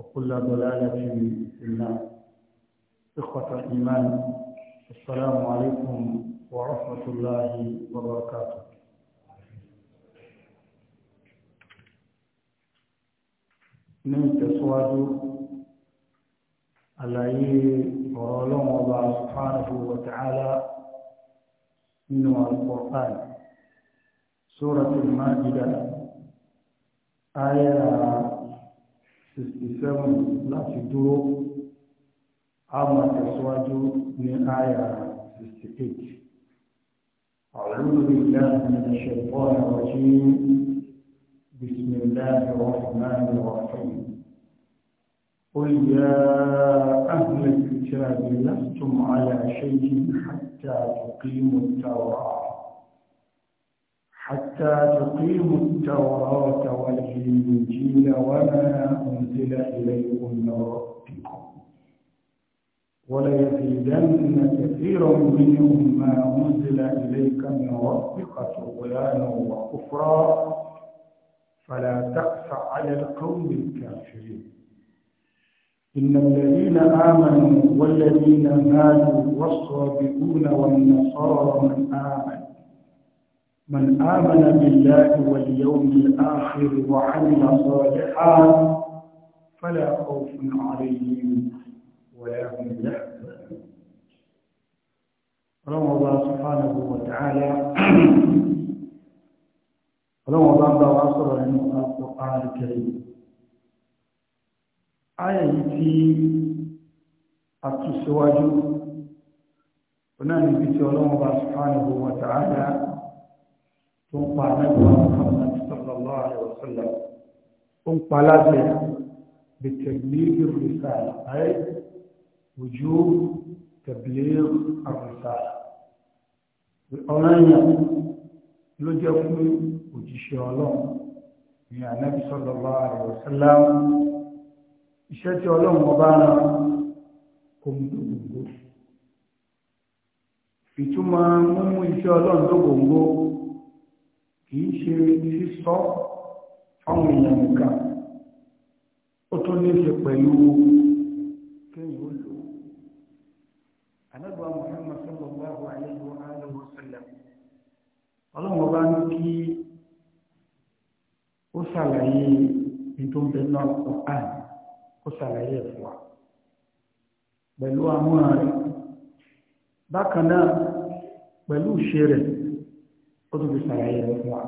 وكل ضلالة في النار إخوة الإيمان السلام عليكم ورحمة الله وبركاته ní ìtẹ̀síwájú àlàyé ọ̀rọ̀ ọlọ́run ọba subhanahu wa ta'ala nínú al-Qur'an suratul Ma'idah ayẹ́ra 67 láti dúró a tẹ̀síwájú ní àyà أعوذ بالله من الشيطان الرجيم بسم الله الرحمن الرحيم قل يا أهل الكتاب لستم على شيء حتى تقيموا التوراة حتى تقيموا التوراة والإنجيل وما أنزل إليكم من ربكم وليزيدن كثيرا منهم ما أنزل إليك من ربك طغيانا وكفرا فلا تقف على القوم الكافرين إن الذين آمنوا والذين مالوا والصابئون والنصارى من آمن من آمن بالله واليوم الآخر وعمل صالحا فلا خوف عليهم ولا هم يحزنون رمضان سبحانه وتعالى رمضان دار عصر القرآن الكريم آية في أتو السواجو ونعني بيتي رمضان سبحانه وتعالى tó ń pa anábìwá Muhammad sallallahu alayhi wa sallam ó ń pa aláṣẹ bìtẹ̀gbìlì rìsáàlà ayé ojú tẹ̀gbìlì rìsáàlà ọ̀rọ̀ yẹn ló jẹ́ fún òjíṣẹ́ ọlọ́run ní anábì sallallahu alayhi wa sallam iṣẹ́ tí ọlọ́run ọba náà kò mú gbogbo ìtumọ̀ mímú iṣẹ́ ọlọ́run tó gbòǹgbò kìí ṣe sísọ fáwọn èèyàn nìkan ó tó ní ṣe pẹ̀lú kéyìn ó lò Muhammad sallallahu alayhi wa alihi wa sallam ọlọ́run ọba ní kí ó ṣàlàyé ìdóńbẹ náà kọ àn ó ṣàlàyé ẹ̀ fún wa pẹ̀lú àwọn rẹ̀ bákan náà pẹ̀lú ìṣe rẹ̀ ó tún fi ṣàlàyé rẹ̀ fún wa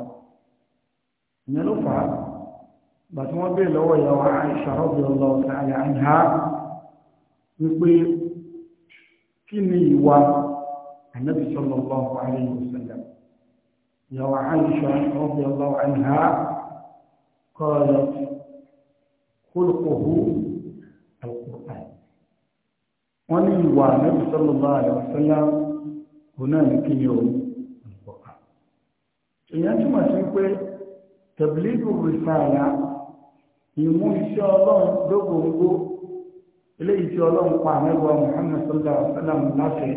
ìyẹn ló fà á gbà tí wọ́n bèèrè lọ́wọ́ ìyá wa Aisha radiyallahu ta'ala anha wípé kí ni ìwà ànábì sallallahu alayhi wa sallam ìyá wa Aisha radiyallahu anha qalat khuluquhu al-Qur'an wọ́n ní ìwà ànábì sallallahu alayhi wa sallam kò náà ní kí ni òun èèyàn túmọ̀ sí pé tẹ̀bílígù rìsáàlà ìmú iṣẹ́ ọlọ́run lógóńgó eléyìí tí ọlọ́run pa àmẹ́wàá Muhammad sallallahu alaihi wasallam láṣẹ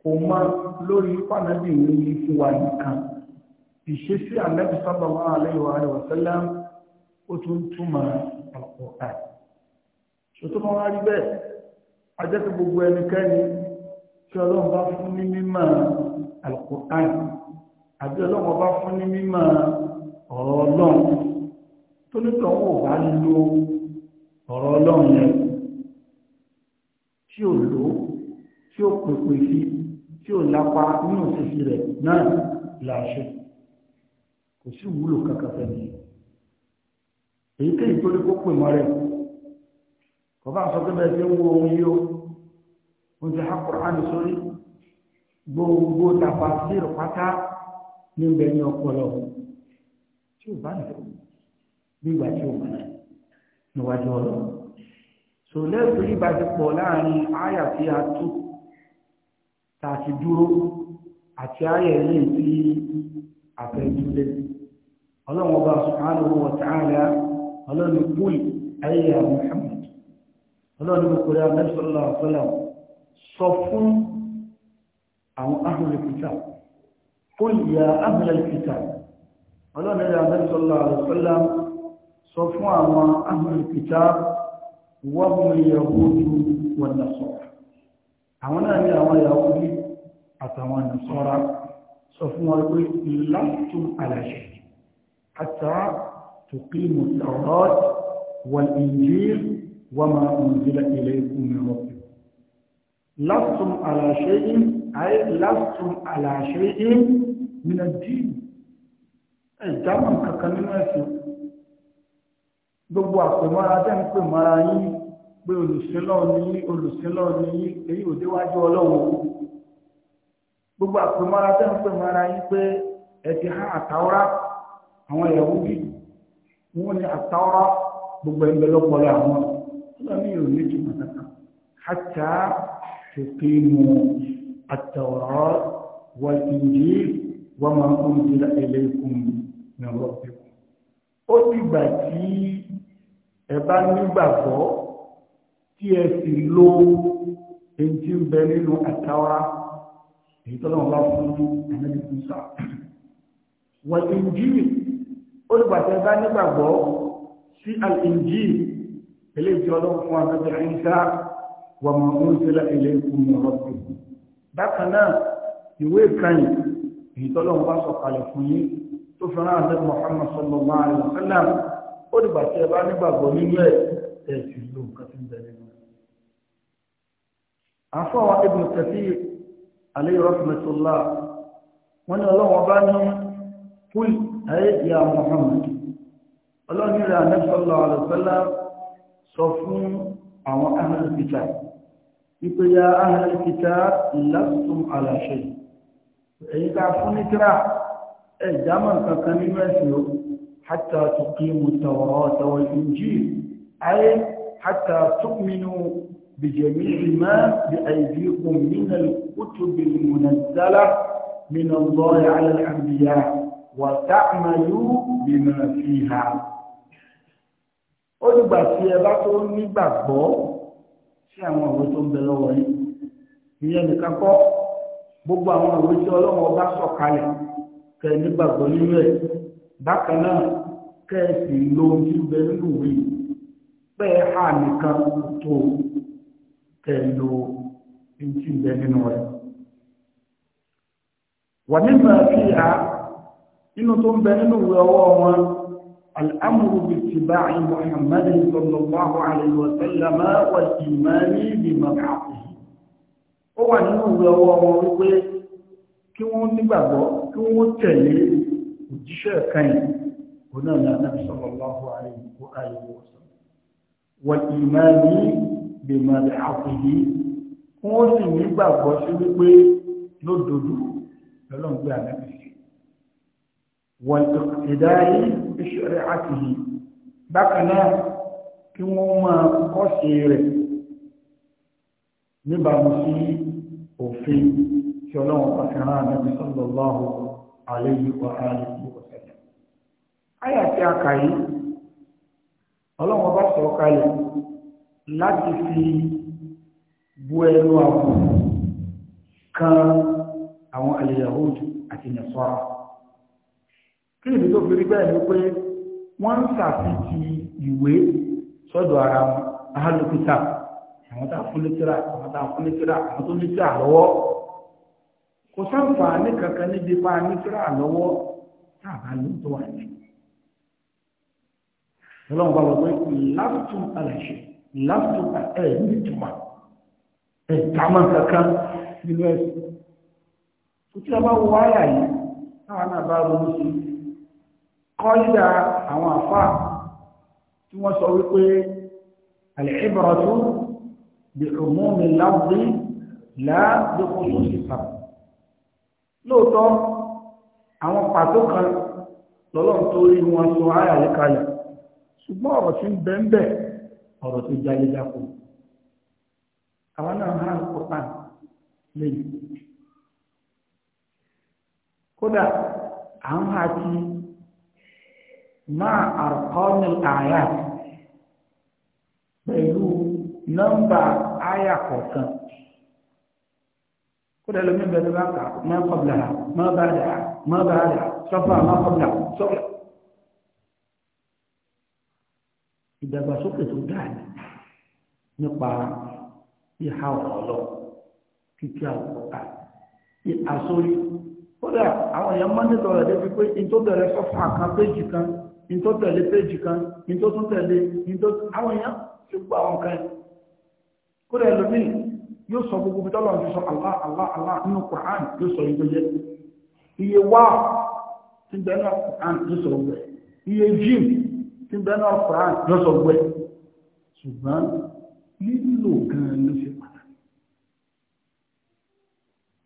kò mọ lórí pàmẹ́bì yìí fún wa nìkan ìṣesí àmẹ́bì sallallahu alaihi wasallam ó tún túmọ̀ Al-Qur'an ṣòtò kan rí bẹ́ẹ̀ ajẹ́kẹ́ gbogbo ẹnikẹ́ni tí ọlọ́run bá fún ní mímọ̀ àbí ọlọ́wọ́ bá fún ní mímọ̀ ọ̀rọ̀ ọlọ́run tó nítọ̀ wò bá lo ọ̀rọ̀ ọlọ́run yẹn tí ò lò tí ò pèpè sí tí ò lápá nínú òṣìṣẹ́ rẹ̀ náà làṣẹ kò sí ìwúlò kankan fẹ́mi èyíkéyìí tó lè kó pè mọ́ rẹ̀ kò sọ pé bẹ́ẹ̀ ti ń wo ohun yìí o oúnjẹ akọ̀rọ̀ àmì sórí gbogbo tàbá sí ìrọ̀pátá ní bẹ ní ọpọlọ tí o bá lò nígbà tí o mọ níwájú ọlọ sòlẹ́ẹ̀tì ìbáṣepọ̀ láàrin àyà tí a tú tá ti dúró àti àyà tí a ọlọ́run ọba subhanahu wa ta'ala ọlọ́run kúl ayé Muhammad ọlọ́run kúrẹ́ abẹ́sọ̀lá ọ̀sọ́lá sọ fún àwọn ahùn قل يا أهل الكتاب ولن يا نبي صلى الله عليه وسلم صفوا مع أهل الكتاب وهم اليهود والنصارى أولا يا يهودي أتوا النصارى صفوا لستم على شيء حتى تقيموا التوراة والإنجيل وما أنزل إليكم من ربكم لستم على شيء أي لستم على شيء nínú díì ìjámọ̀ kankan nínú ẹ̀sìn gbogbo àpèmọ́ra tẹ́ ń pè mọ́ra yín pé olùsílọ́ ni yín olùsílọ́ ni yín èyí ò déwájú ọlọ́run gbogbo àpèmọ́ra tẹ́ ń pè mọ́ra yín pé ẹ ti há àtàwọ́rá àwọn ìyàwó bí wọ́n ní àtàwọ́rá gbogbo ẹgbẹ́ lọ́pọ̀lọ́ àwọn ọlọ́run yóò ní jù mọ́tàkà hàtà tuqimu àtàwọ́rá wal injil wọ́n máa ń kún jíra ẹlẹ́kùn ní ọ̀rọ̀bí ó dìgbà tí ẹ bá nígbàgbọ́ tí ẹ sì lo èyí tí ń bẹ nínú àtàwárá èyí tó lọ́wọ́ bá fún ẹ̀mẹ́lì fún sá wọ́n ìjìnì ó dìgbà tí ẹ bá nígbàgbọ́ sí àlìjì eléyìí tí ọlọ́run fún abẹ́bẹ̀ ẹ̀ńsá wọ́n máa ń jíra ẹlẹ́kùn ní ọ̀rọ̀bí bákan náà ìwé ìkànnì èyí tọ́lọ́run bá sọ̀kalẹ̀ fún yín tó fi rán àdébù Muhammad sallallahu alaihi wa sallam ó dìgbà tí ẹ bá nígbàgbọ́ nínú ẹ̀ ẹ̀ sì ló nǹkan tí ń bẹ nínú. àfọwọ́ Ibn Kathir alayhi rahmatullah wọ́n ní ọlọ́wọ́n bá ní kúl ayé ìyá Muhammad ọlọ́ni rẹ̀ sọ fún àwọn ahlul wípé ya ahlul kitab lastum èyí tá a fún ní tíra ẹ jámọ̀ kankan nínú ẹ̀sìn o hátà tukí mu tọ̀wọ̀ tọ̀wọ̀ ìjì ayé hátà tukminu بجميع ما بأيديكم من الكتب المنزلة من الله على الأنبياء وتعملوا بما فيها ó dìgbà tí ẹ bá tó nígbàgbọ́ sí àwọn ọ̀rọ̀ tó ń bẹ lọ́wọ́ yìí ìyẹn nìkan kọ́ gbogbo àwọn òwe tí ọlọ́run ọba sọ̀kalẹ̀ kẹ nígbàgbọ́ nínú ẹ̀ bákan náà kẹ ẹ sì lo ohun tí ń bẹ nínú ìwé pẹ́ hà nìkan tó kẹ ẹ lo ohun tí bẹ nínú rẹ̀. wà nígbà tí a inú tó ń bẹ nínú ìwé ọwọ́ wọn al'amuru bi ti bá a sallallahu alaihi wa sallama wa imani bi mabaafi ó wà nínú ìwé ọwọ́ wọn wípé kí wọ́n nígbàgbọ́ kí wọ́n tẹ̀lé òjíṣẹ́ ẹ̀kanyìn onáàlá náà sallallahu alaihi wa alihi wa sallam kí wọ́n máa kọ́ sí rẹ̀ níbàámu sí òfin tí ọlọ́run pàtàkì na sallallahu alayhi wa a kà yìí, ọlọ́run bá sọ kalẹ̀ láti fi bu ẹnu àbò kan àwọn al àti Nasara. Kí ni tó fi rí bẹ́ẹ̀ ni pé wọ́n ń ṣàfihàn ìwé sọ́dọ̀ ara àwọn tá a fún létíra àwọn tá fún létíra àwọn tó létíra lọ́wọ́ kò sáǹfààní kankan níbi pa létíra lọ́wọ́ tá a bá ló tó wà ní. ọlọ́run bá lọ pé láfùtún aláṣẹ láfùtún kankan nínú kò tí a bá wọ àyà yìí táwọn náà bá ronú sí àwọn tí wọ́n sọ wípé àlẹ́ بعموم اللفظ لا بخصوص السبب lóòótọ́ àwọn pàtó kan lọ́lọ́run tó rí wọn sọ ayàlẹ́ kalẹ̀ ṣùgbọ́n ọ̀rọ̀ tí ń bẹ ń bẹ ọ̀rọ̀ tó jalè jáko àwọn náà ń hàn kọ́tà lẹ́yìn kódà à ń ha ti máa àrùkọ́ ní àyà pẹ̀lú nọ́mbà àyà kọ̀ọ̀kan kódà lómi bẹ̀rẹ̀ bá kà má kọ̀bìlà má bá dà má bá dà sọ́fà má kọ̀bìlà sọ́fà. ìdàgbàsókè tó dáa ni nípa ìhà ọ̀lọ́ kíkí àwòkọ́ta àsórí kódà àwọn èèyàn máa ń tètò ọ̀rọ̀ débi pé ní tó bẹ̀rẹ̀ sọ́fà kan péjì kan ní péjì kan ní tó àwọn èèyàn ti gbọ́ àwọn kan yìí kó rẹ̀ lómi yóò sọ gbogbo bí tọ́lọ̀ ti sọ Allah Allah Allah nínú Quran yóò sọ yìí tó yẹ iye wá ti bẹ́ẹ̀ náà Quran yóò sọ gbẹ iye jim ti bẹ́ẹ̀ náà Quran yóò sọ gbẹ ṣùgbọ́n lílo gan-an ló ṣe pàtàkì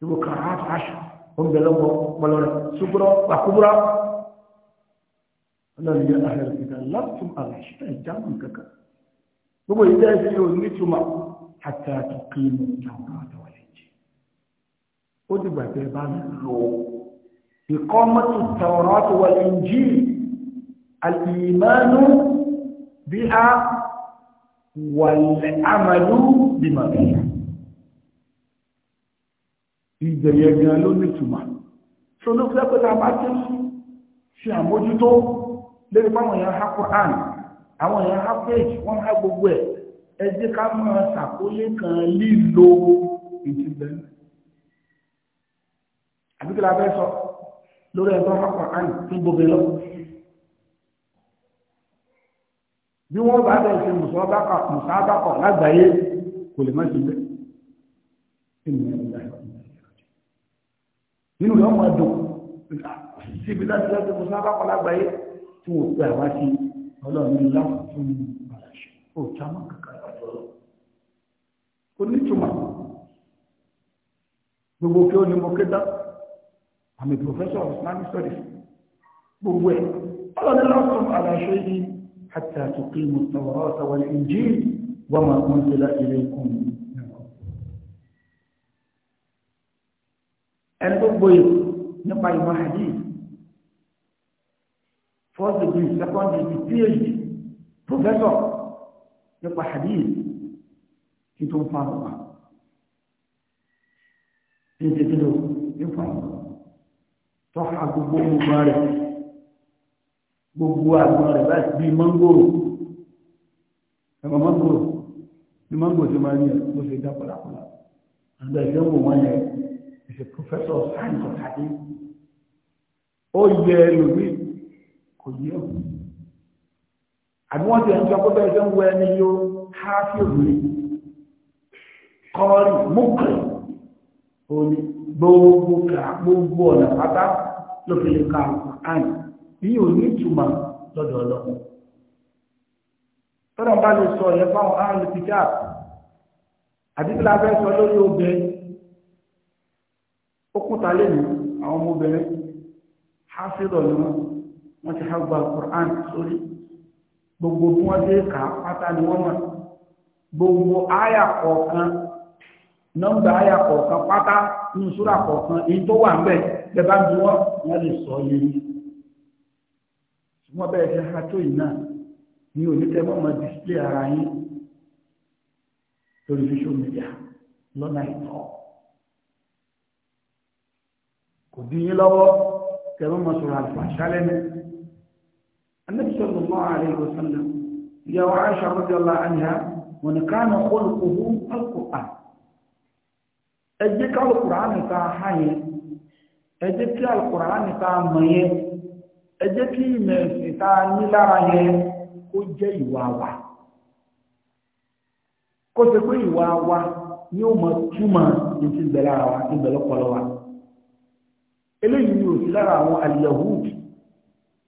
ìwọ kankan gbogbo ìdá ẹ̀sìn yóò nítumọ̀ àti àtúkì inú ìjàmbá àtàwọlẹ̀ jẹ́ ó dìgbà tẹ́ bá ń lò ìkọ́mọ́tò tàwọn àtàwọlẹ̀ jì alìmánú bí a wàlẹ̀ àmàlú bí màbíyà ìjẹyẹ gan ló nítumà tó ló fẹ́ pẹ́ta bá tẹ́ sí ṣe àmójútó lórí pàwọn èèyàn ha Qur'an àwọn èèyàn ha page wọ́n ha gbogbo ẹ̀ ẹ jẹ́ ká máa ṣàkólé kan lílo ìtìbẹ̀ àbíkí la fẹ́ sọ lórí ẹ̀tọ́ pápá àyìn tó gbogbo lọ bí wọ́n bá bẹ̀rẹ̀ sí mùsàbákọ̀ lágbàáyé kò lè má ṣe bẹ́ẹ̀ nínú yọ ọmọ ẹdùn síbi láti lọ́dún mùsàbákọ̀ lágbàáyé tí wọ́n pẹ̀ wá sí ọlọ́run láwọn fún mi ó jámọ́ kankan lọ onítùmọ̀ gbogbo kí ó ní mo ké dá àmì professor of islamic studies gbogbo ẹ̀ ọlọ́dún lọ́sùn aláṣẹ yìí حتى تقيموا التوراة والإنجيل وما أنزل إليكم ẹni tó gbòye nípa ìmọ̀ àdí first degree second degree phd professor nípa hadith kí tó ń fa ọ̀pá kí n ṣe kí ló ń fa ọ̀pá tọ́ka gbogbo gbogbo rẹ̀ gbogbo àgbọn rẹ̀ láti bí mọ́ngòrò ẹ̀mọ̀ mọ́ngòrò ní mọ́ngòrò tí máa ń yẹ ló ṣe dá pọ̀lápọ̀lá àgbà ìdánwò wọn yẹ kọ́ọ̀rì múkìrì òní gbogbo kà gbogbo ọ̀nà pátá ló fi lè ka àìn bí ò ní ìtumọ̀ lọ́dọ̀ ọlọ́run tọ́nà bá lè sọ ìyẹn fáwọn àrùn píkà àdìgbò la fẹ́ sọ lórí obìnrin ó kúta lẹ́nu àwọn ọmọbìnrin hafidọ̀ ni wọ́n wọ́n ti hagba Qur'an sórí gbogbo bí wọ́n dé kà pátá ni wọ́n mọ̀ gbogbo àyà kọ̀ọ̀kan nọ́mbà àyà aya pátá nínú súrà kọ̀ọ̀kan èyí tó wà ńbẹ̀ bẹ́ẹ̀ bí wọ́n wọ́n lè sọ ṣe ha yìí náà ní oníkẹ́ mọ́mọ́ display ara yín lórí social media lọ́nà ìtọ́. kò dín yín lọ́wọ́ kẹ́ mọ́mọ́ sọ̀rọ̀ ẹ jẹ́ kí alukùránì ta ha yẹn ẹ jẹ́ kí alukùránì ta mọ̀ yẹn ẹ jẹ́ kí ìmọ̀ ẹ̀sìn ta ní lára yẹn kó jẹ́ ìwà wa kó ṣe pé ìwà wa ni ó mọ túmọ̀ ní ti wa ní bẹ̀ lọ́pọlọ wa eléyìí ni òsì lára àwọn aliyahud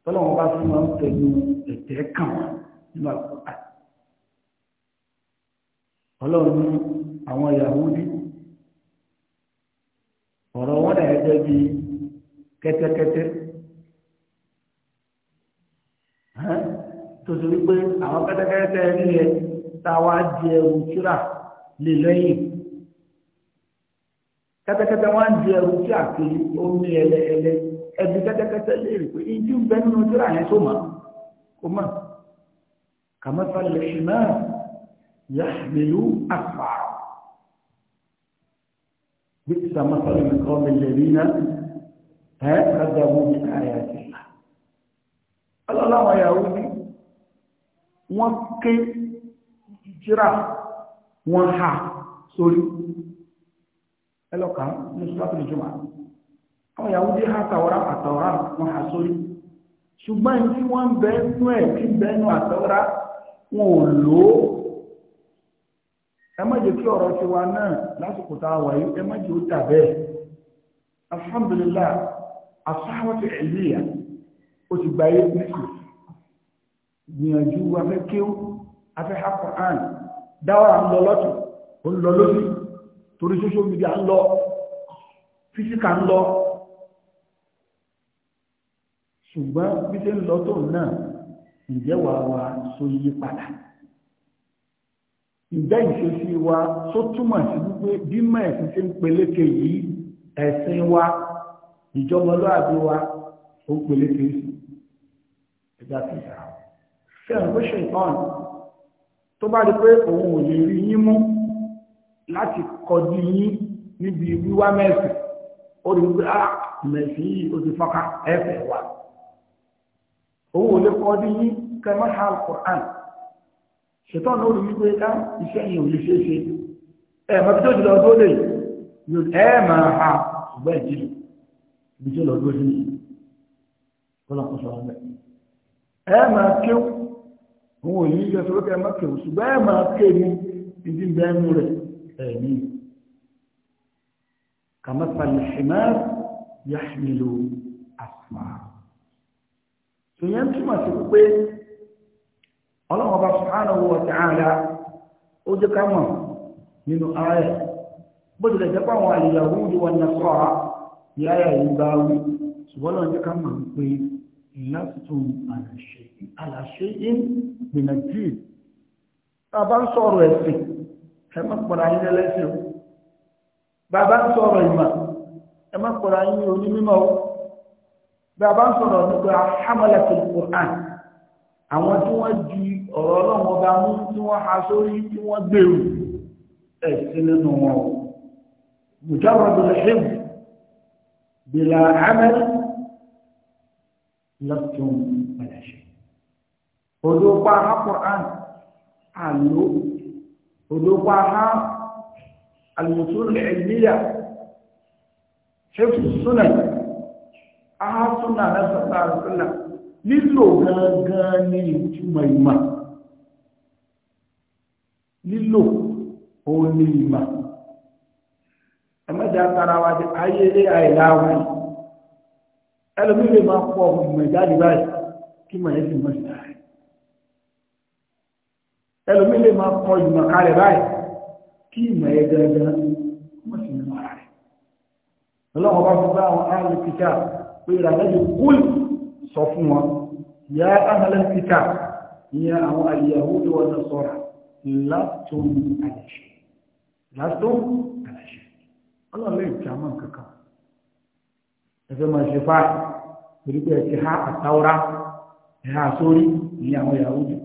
tọ́lọ́wọ́n bá fún wọn pẹ̀lú ẹ̀tẹ́ kàn wọ́n nínú àkókò ọlọ́run ní àwọn yahudi ọ̀rọ̀ wọn dà gẹ́gẹ́ bí kẹ́tẹ́kẹ́tẹ́ tó ti rí pé àwọn kẹ́tẹ́kẹ́tẹ́ rí ẹ táwa di ẹrù kíra lè lẹ́yìn kẹ́tẹ́kẹ́tẹ́ wọn di ẹrù kíra kiri omi ẹlẹ́ẹlẹ́ ẹbí kẹ́tẹ́kẹ́tẹ́ lè rí pé ijú bẹ́ nínú kíra yẹn tó mọ̀ kó mọ̀ kàmọ́sálẹ̀ ṣìnà yàgbẹ̀lú àfàà. بئس مثل القوم الذين كذبوا بآيات الله الله àwọn Yahudi wọ́n ké jíra wọ́n ha sórí ẹlọ́ka ní sọ́tún ìjọba àwọn Yahudi ha tàwọ́rá àtàwọ́rá wọ́n ha sórí ṣùgbọ́n tí wọ́n bẹ́ẹ̀ nú ẹ̀ tí bẹ́ẹ̀ nú àtàwọ́rá wọn ò lòó ẹ má jẹ́ kí ọ̀rọ̀ tiwa náà lásìkò tá a wà yìí ẹ má jẹ́ ó dà bẹ́ẹ̀ alhamdulillah asáwọ́tì ẹ̀líyà ó ti gba ayé nìkù gbìyànjú afẹ́ kíw afẹ́ hakurán dáwàrà ń lọ lọ́tù ó ń lọ lórí torí social media ń lọ físíkà ń lọ ṣùgbọ́n bí ṣe ń lọ tó náà ǹjẹ́ wàá so yí padà ìjẹ́ ìṣesí wa tó túmọ̀ sí wípé bímọ̀ ẹ̀sìn tí ń peléke yìí ẹ̀sìn wa wa ó peléke sí ẹgbẹ́ àtẹ̀sà fẹ́ràn pé ṣèǹkan tó bá di pé òun ò lè rí yín mú láti kọjú yín níbi wíwá mẹ́sìn ó rí wípé á ah, mẹ́sìn yìí ó ti fọ́nká ẹ̀fẹ̀ wa òun ò lè kọjú yín alukur'an. ṣètọ́ ní orí wípé ká iṣẹ́ yìí ò lè ṣe é ṣe ẹ mọ bí tó ti lọ tó lè ẹ máa ha ṣùgbọ́n ìjìnlẹ̀ ibi tó lọ tó sí ni kọ́lá kó sọ wọn bẹ́ẹ̀ ẹ máa kéwù òun ò ní yọ sọ pé ẹ máa kéwù ṣùgbọ́n ẹ máa ké ní ibi ń bẹ́ẹ̀ nú rẹ̀ ẹ̀ ní kàmásàlì ṣìmáà àfà ṣèyẹn túmọ̀ sí pé ọlọ́run ọba subhanahu wa ta'ala ó jẹ́ ká mọ̀ nínú ààrẹ bó tilẹ̀ jẹ́ pé àwọn àlèyàwó ni wọn na sọ ọ́ ní ààrẹ yìí bá wí ṣùgbọ́n lọ́n jẹ́ ká mọ̀ pé ìlàtún àlàṣe in gbìyànjú bàbá ń sọ̀rọ̀ ẹ̀sìn àwọn tí wọ́n di ọ̀rọ̀ ọlọ́run ọba mú tí wọ́n ha sórí tí wọ́n gbèrú ẹ̀ sí nínú wọn o mujarradu al-hifz bila amal lọ́tún padàṣe odópa ha Qur'an àlò odópa ha al-usul al-ilmiya hifz sunan aha sunan lílò gangan ní ìtumọ̀ ìmọ̀ lílò òun ní ìmọ̀ ẹ̀mẹ́jà tara wa jẹ́ ayé ilé àìláwọ̀ ẹlòmí lè máa pọ̀ ìmọ̀ ìjáde báyìí kí mọ̀ ẹ́ sì mọ̀ sí láàrin ẹlòmí lè máa pọ̀ ìmọ̀ kalẹ̀ báyìí kí ìmọ̀ ẹ̀ gangan sọ fún wọn ya ahlal kitab ìyẹn àwọn al-yahudu wa nasara látún àyẹ̀ṣẹ́ látún àyẹ̀ṣẹ́ ọlọ́lẹ́ ìjàmọ́ kankan ẹfẹ́ máa ṣe fáà torí pé ẹ ti há àtàwọ́rá ẹ̀há sórí ní àwọn yahudu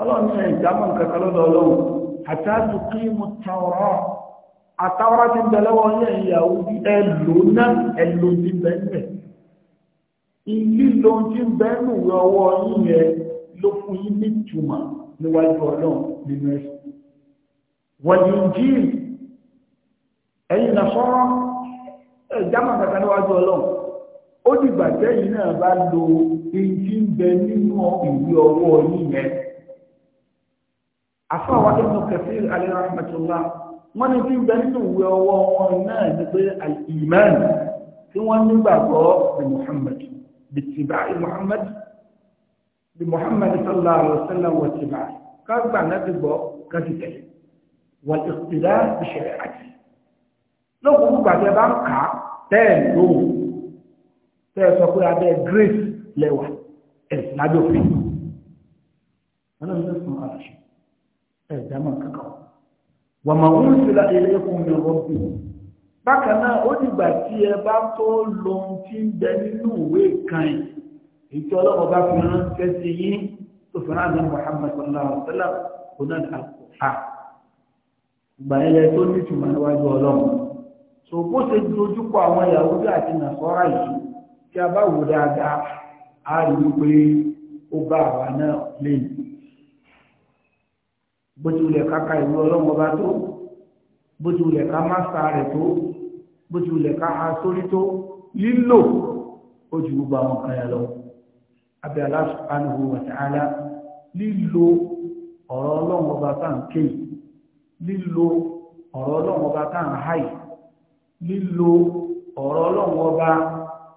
ọlọ́run ní ìjámọ̀ kankan lọ́dọ̀ ọlọ́run kí mo tàwọ́rọ́ àtàwọ́rá ti bẹ̀lẹ́wọ́ ní ẹ̀yàwó ẹlò náà ẹlò ti bẹ̀ẹ́ ìlílò tí ń bẹ́rù ọwọ́ yíyẹ ló fún yí ní ìtumọ̀ níwájú ọlọ́run nínú ẹ̀sìn wọ̀nyíjì ẹ̀yìn nàṣọ́rọ́ ẹ̀jámà kàkà níwájú ọlọ́run ó dìgbà tẹ́yìn náà bá lo ìjì ń bẹ nínú ìwé ọwọ́ yíyẹ afáwa ibn Kathir alayhi rahmatullah wọ́n ní tí ń bẹ nínú ìwé ọwọ́ wọn náà ní pé al tí wọ́n nígbàgbọ́ ní Muhammad باتباع محمد بمحمد صلى الله عليه وسلم واتباعه كان بعد نبي كذلك والاقتداء بشريعته لو كنت بعد بانكا تلو تسوكو هذا جريس لوا اسنادو في انا نسمع على شيء ايه دمك وما أرسل إليكم من ربكم bákan náà ó dìgbà tí ẹ bá tó lo ohun tí ń bẹ nínú ìwé kan yìí èyí tí ọlọ́run bá fi ránṣẹ́ sí yín tó fi ránṣẹ́ Muhammad sallallahu alaihi wa sallam kò náà ní àkókò ìgbà yẹn lẹ tó ní ìtumọ̀ níwájú ọlọ́run tó bó ṣe dojúkọ àwọn Yahudi àti Nasara yìí tí a bá wò dáadáa a rí wípé ó bá àwa náà lẹ́yìn bó ti wulẹ̀ káka ìwé ọlọ́run ọba tó bó ti wulẹ̀ ká má sa rẹ̀ tó. bó ti ka ha sórí tó lílò ó ju gbogbo àwọn kan lọ abẹ́ Allah subhanahu lílò ọ̀rọ̀ ọlọ́run ọba tá à ń ké lílò ọ̀rọ̀ ọlọ́run ọba tá à ń háì lílò ọ̀rọ̀ ọlọ́run ọba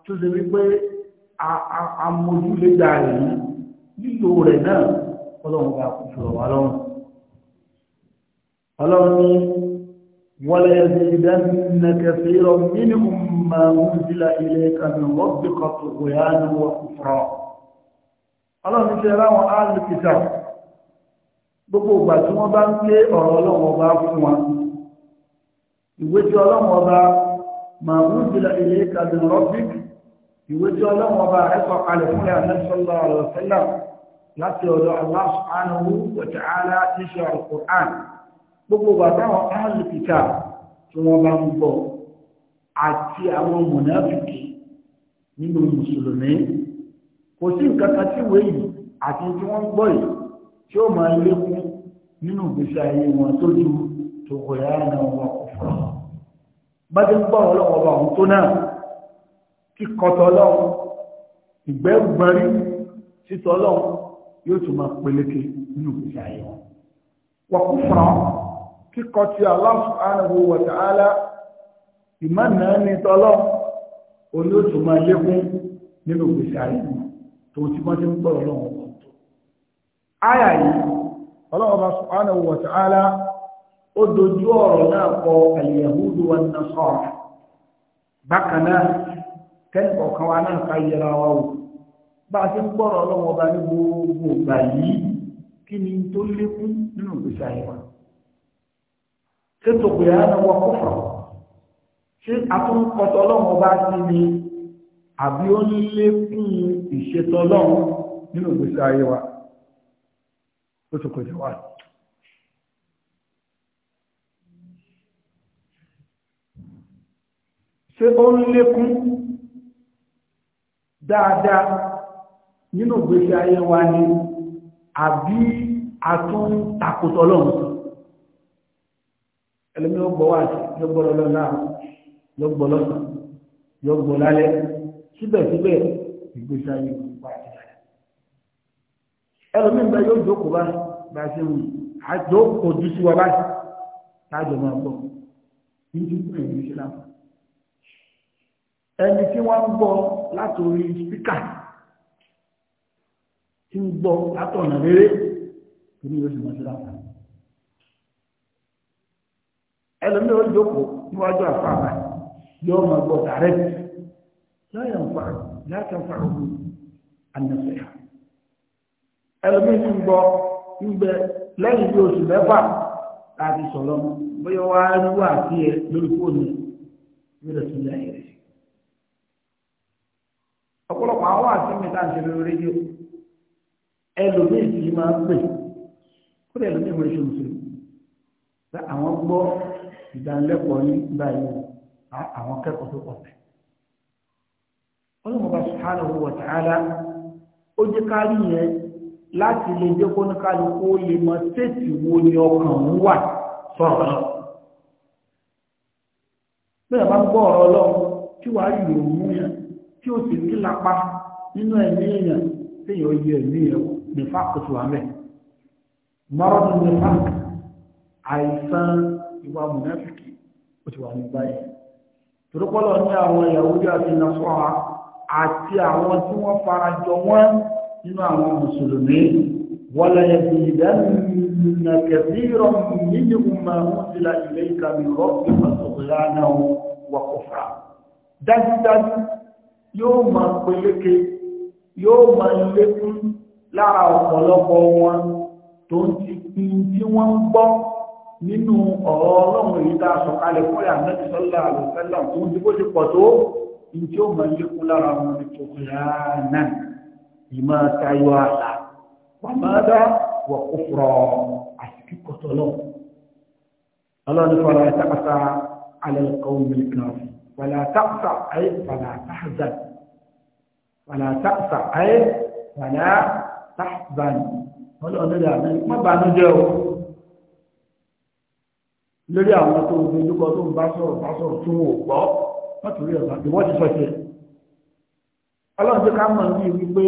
tó ṣe wípé amójúlé rẹ̀ yìí lílò وليزيدن كثيرا منهم ما أنزل إليك من ربك طغيانا وكفرا الله ṣe ráwọn alìkìtà gbogbo ìgbà tí wọ́n bá ń ké ọ̀rọ̀ Ọlọ́run ọba fún wa. Ìwé tí Ọlọ́run ọba máa ń jìlá ilé kàbí rọ́bík, ìwé tí Ọlọ́run ọba ẹ̀kọ́ kalẹ̀ fún ẹ̀ láti ọ̀dọ̀ Allah subhanahu wa ta'ala tíṣe al gbogbo bàtàwọn alìkìtà tí wọ́n bá ń bọ̀ àti àwọn mọ̀nàfìkì nínú mùsùlùmí kò sí nǹkan kan tí wèé yìí àti tí wọ́n ń gbọ́ yìí tí ó máa lékún nínú ìgbésí ayé wọn tó ju tòkòyà náà wọn kò fọ́ bá ń gbọ́ ọlọ́wọ́ bá òun tó náà kíkọtọ ọlọ́run ìgbẹ́ gbọ́nrí títọ́ ọlọ́run yóò tún máa peléke nínú ìgbésí ayé wọn wọ́n kò fọ́ kíkọ ti Allah subhanahu wa ta'ala ìmọ̀nà ní tọ́lọ́ olóòtú máa lékún nínú gbèsè ayé tó ti mọ́ sí ń gbọ́ ọlọ́run ọ̀tọ̀. Áyà yìí, Allah subhanahu wa ta'ala ó dojú ọ̀rọ̀ náà kọ al-yahudu wan-nasara. Bákan náà, kẹ́kọ̀ọ́ kan wa náà ká yẹra wa wò. Bá a ti ń gbọ́rọ̀ ọlọ́run ọba ní gbogbo ìgbà yìí, kí ni tó lékún nínú gbèsè ayé ṣé tòkùyà náà wọ kófà ṣé atúnkọtọ ọlọ́run bá sí ni àbí ó ń lékún ìṣètò ọlọ́run nínú ìgbésí ayé wa ó ti kọjá wa. ṣé ó ń lékún dáadáa nínú ìgbésí ayé wa ni àbí atún takòtò ọlọ́run ẹlẹ́mi yóò gbọ́ wá sí yóò gbọ́ lọ́lọ́ náà yóò gbọ́ lọ́sàn yóò gbọ́ lálẹ́ síbẹ̀síbẹ̀ ìgbésí ayé wà sí i. ẹlẹ́mi bá yóò jókòó bá bá a ṣe wù àjọ ojú sí wa báyìí láàjọ máa gbọ́ níjú pé ìlú ṣe láàbù. ẹni tí wọ́n ń gbọ́ látòrí spíkà tí ń gbọ́ látọ̀nà rere kò ní yóò sì máa ṣe láàbù ẹlòmí ó jókòó níwájú àfààní yóò máa gbọ́ dàrẹ́ lọ́yọ̀ nfa láti nfa òkú ànàfẹ́ ẹlòmí ti ń gbọ́ ń bẹ lẹ́yìn bí oṣù mẹ́fà láti sọ̀rọ̀ bóyá wá níwá àti ẹ lórí fóònù yóò lọ sí lẹ́yìn rẹ̀ ọ̀pọ̀lọpọ̀ àwọn àti mẹ́ta ń ṣe lórí rédíò ẹlòmí ti máa ń pè kó lẹ́lòmí ìwé ṣe àwọn gbọ́ ìdánilẹ́kọ̀ọ́ ní báyìí àwọn akẹ́kọ̀ọ́ tó pọ̀ sí. ọlọ́mọba subhanahu wa ta'ala ó jẹ́ kárí yẹn láti lè jẹ́ kó ní kálukú ó lè mọ séètì wo ni ọkàn ń wà sọ̀rọ̀ bẹ́ẹ̀ bá gbọ́ ọ̀rọ̀ ọlọ́run tí wàá rí òun yẹn tí ó sì ní lápá nínú ẹ̀mí èèyàn téèyàn yẹ ẹ̀mí ẹ̀ nífà kòtò àmẹ́. mọ́rọ́dún nífà àìsàn ìwà mùnáfìkì ó ti wà ní báyìí torípọ́lọ̀ ní àwọn Yahudi àti Nasara àti àwọn tí wọ́n fara jọ wọ́n nínú àwọn mùsùlùmí wala yazidanna kathiran minhum ma unzila ilayka min rabbika tughyanan wa kufra dájúdájú yóò máa peléke yóò máa lékún lára ọ̀pọ̀lọpọ̀ wọn tó ń ti pin tí wọ́n ń gbọ́ nínú ọ̀rọ̀ ọlọ́run èyí tá a sọ̀kalẹ̀ fún ẹ̀ àmẹ́tì sọ́lá àlùfẹ́lá tó ń dúkó ti pọ̀ tó ní tí ó máa lékún lára wọn ní tòkìyàánà ìmọ̀ tayọ àlà wàmọ́dá wà kó fọ̀rọ̀ àti kíkọ́ tọ́lọ́ ọlọ́run fọ̀rọ̀ ẹ̀ tàkàtà alẹ́ kọ́ omi kan wàlà tàkàtà ayé wàlà tàkàtà wàlà tàkàtà ayé wàlà tàkàtà ọlọ́run dàbí má bàánú jẹ́ o. lórí àwọn tó ń dojúkọ tó ń bá sọ̀rọ̀ bá sọ̀rọ̀ tó wò gbọ́ látòrí ọ̀sà ìwọ́ ti sọ̀tẹ̀ ọlọ́run ká mọ̀ ní wípé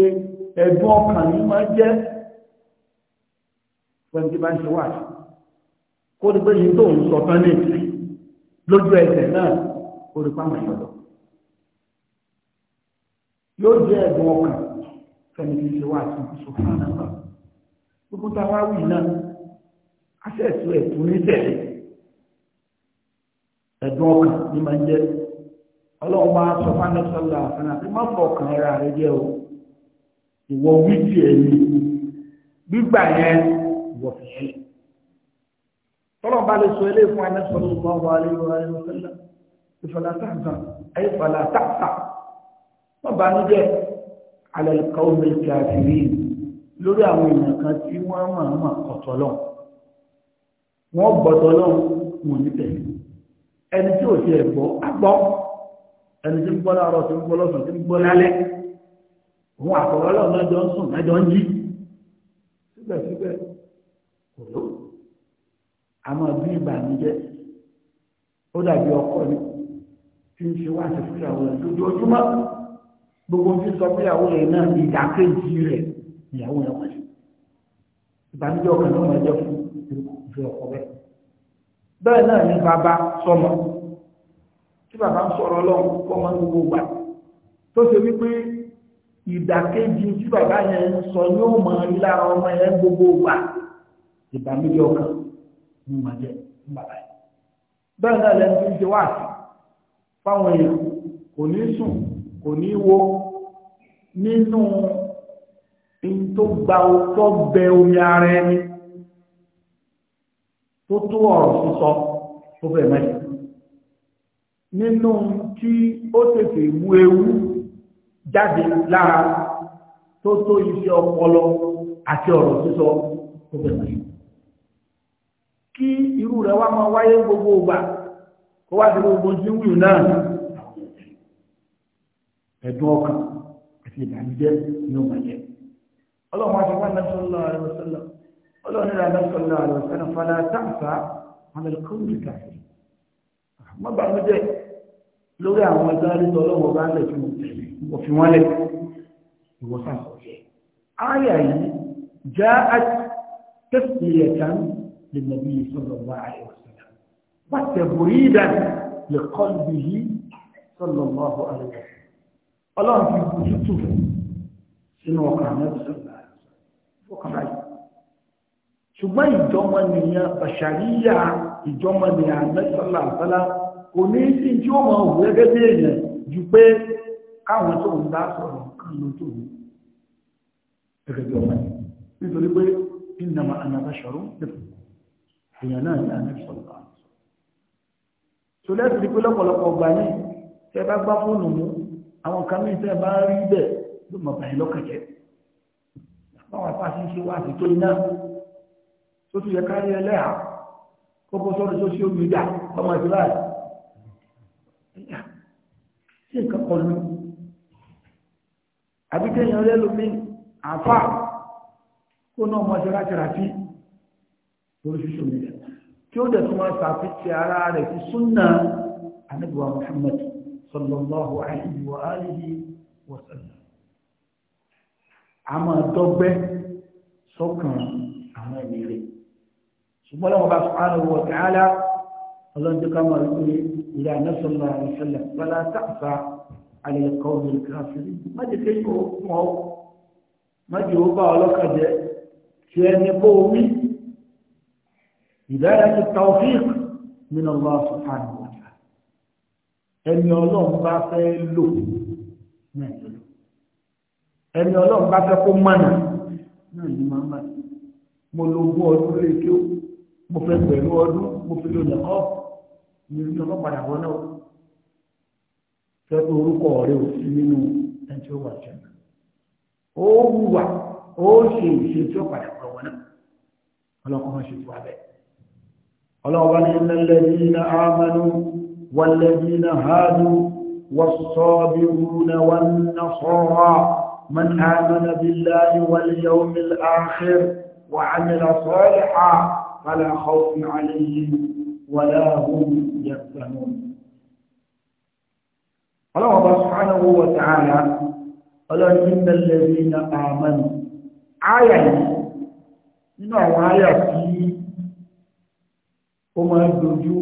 ẹ̀dùn ọkàn ní máa jẹ́ pẹ̀lú bá ń ṣe wà kó ní pé yìí tó ń sọ tán ní lójú ẹsẹ̀ náà pàmò ìyọ̀dọ̀ yóò jẹ́ ẹ̀dùn ọkàn ṣe wà sí ẹ̀dùn ọkàn ní máa ń jẹ́ ọlọ́run máa sọ fáńdé sọ́lá àfẹ́nà tí má fọ ọkàn ẹ̀rà rẹ jẹ́ o ìwọ wíìtì ẹ̀mí gbígbà yẹn ìwọ fi ṣe tọ́lọ̀ bá lè sọ ilé fún ẹni sọ́lá ọba ọba aléwọ̀ aléwọ̀ sọ́lá ìfọ̀lá tààtà ẹ̀yẹ fọ̀lá tààtà wọ́n bá ní jẹ́ alẹ́ kàó mi kàfìrí lórí àwọn èèyàn kan tí wọ́n máa ń mọ̀ ọ̀tọ̀ lọ́wọ́ wọ́n gbọ́tọ̀ wọn ní ẹni tí ò ti ẹ̀ gbọ́ agbọ́ ẹni tí ń gbọ́ láàárọ̀ tí ń gbọ́ lọ́sàn tí ń gbọ́ lálẹ́ òun àkọ́rọ́ lọ́wọ́ náà jọ ń sùn náà jọ ń jí síbẹ̀síbẹ̀ kò ló àmọ́ bí ìbànújẹ́ ó dàbí ọkọ ni tí ń ṣe wáṣẹ fún ìyàwó rẹ̀ lójoojúmọ́ gbogbo tí sọ fún ìyàwó rẹ̀ náà ní ìdákejì rẹ̀ ìyàwó rẹ̀ wọ̀nyí ìbànújẹ́ ọkàn náà máa jẹ́ fún ìfẹ́ ọkọ bẹ́ẹ̀ bẹ́ẹ̀ náà ni bàbá sọmọ tí bàbá ń sọ̀rọ̀ ọlọ́run fọmọ ní gbogbo gbà tó ṣe wípé ìdàkejì tí bàbá yẹn ń sọ yóò mọ lára ọmọ yẹn gbogbo gbà ìbàmílẹ̀ ọkàn ní ìmọ̀jẹ̀ ní bàbá yẹn bẹ́ẹ̀ náà lẹ́nu tó ń ṣe wá sí fáwọn èèyàn kò ní sùn kò ní wo nínú in tó gba tó bẹ omi ara ẹni tó tó ọ̀rọ̀ sísọ tó fẹ́ mẹ́ta nínú tí ó tètè mú ewu jáde lára tó tó iṣẹ́ ọpọlọ àti ọ̀rọ̀ sísọ tó fẹ́ mẹ́ta kí irú rẹ̀ wá máa wáyé gbogbo ìgbà kó wá sí gbogbo tí wíwù náà ẹ̀dùn ọkàn àti ìbànújẹ́ ni ó máa jẹ́ ọlọ́run wá sí náà sọ́lá ẹ̀rọ sọ́lá قالوا أنا لا بس الله عليه وسلم فلا تعفى عن الكون الكافر ما بعد ذلك لو يا مزاري دولة وغانة في مبتلين وفي مالك وصاف آية جاءت تسلية للنبي صلى الله عليه وسلم وتبريدا لقلبه صلى الله عليه وسلم الله في كتبه شنو وقع النبي صلى الله عليه وسلم وقع ṣùgbọ́n ìjọmọnìyàn bàṣàríyà ìjọmọnìyàn mẹ́sàlá àtàlá kò ní sí tí ó máa wù gẹ́gẹ́ bí èèyàn ju pé káwọn tó ń dá sọ̀rọ̀ kan ló tó wù gẹ́gẹ́ bí ọmọ yìí nítorí pé ìnàmà ànàbàṣọ̀rọ̀ nípò èèyàn náà ní ànàbàṣọ̀rọ̀ kan tó lẹ́sìn pé lọ́pọ̀lọpọ̀ gbà ní tẹ́ bá gbá fóònù mú àwọn kan ní tẹ́ bá rí bẹ́ẹ̀ ló mọ̀ báyìí lọ́kàjẹ́ báwọn apá sí ṣe wá àti iná tó ti yẹ ká ní ẹlẹ́yà kó bọ́ sọ́dọ̀ social media ọmọ ìdúrà rẹ̀ ẹ̀yà sí nǹkan kan ló àbí kéèyàn lẹ́lómi àfà kó náà mọ ṣe láti ràtí lórí social media tí ó dẹ̀ tó máa ṣàfihàn ara rẹ̀ sí súnà anábìwá Muhammad sallallahu alayhi wa alihi wa sallam a máa dọ́gbẹ́ sọ́kàn àwọn ènìyàn ṣùgbọ́n lọ́wọ́ bá subhanahu wa ta'ala ọlọ́dún ká máa wípé ìlà nẹ́sọ̀lá ìṣẹ̀lẹ̀ wọlá tààfà àlẹ́kọ̀ọ́ mi káfíìrì má jẹ́ kí ó mọ̀ ọ́ má jẹ́ ó bá ọlọ́kàn jẹ́ tí ẹni bó wí ìdáyà ti tawfiq min Allah subhanahu wa ẹni ọlọ́run bá fẹ́ lò mẹ́rin ẹni ọlọ́run bá fẹ́ kó mọ̀nà náà ni màmá mo lo ogún ọdún lè kí ó mo fẹ́ pẹ̀lú ọdún mo fi lò lẹ́kọ́ mi ní ọmọ padà wọn náà fẹ́ pé orúkọ rẹ ò sí nínú ẹni tí ó wà jẹ́ ó wùwà ó ṣe ìṣe tí ó padà wọn wọn náà ọlọ́kọ́ wọn ṣe tó abẹ́ ọlọ́wọ́ ní lẹ́lẹ́dínà ámánú wàlẹ́dínà hádù والصابرون والنصارى من آمن بالله واليوم الآخر وعمل صالحا فلا خوف عليهم ولا هم يحزنون الله سبحانه وتعالى قال إن الذين آمنوا آية nínú àwọn àyà tí ó máa dojú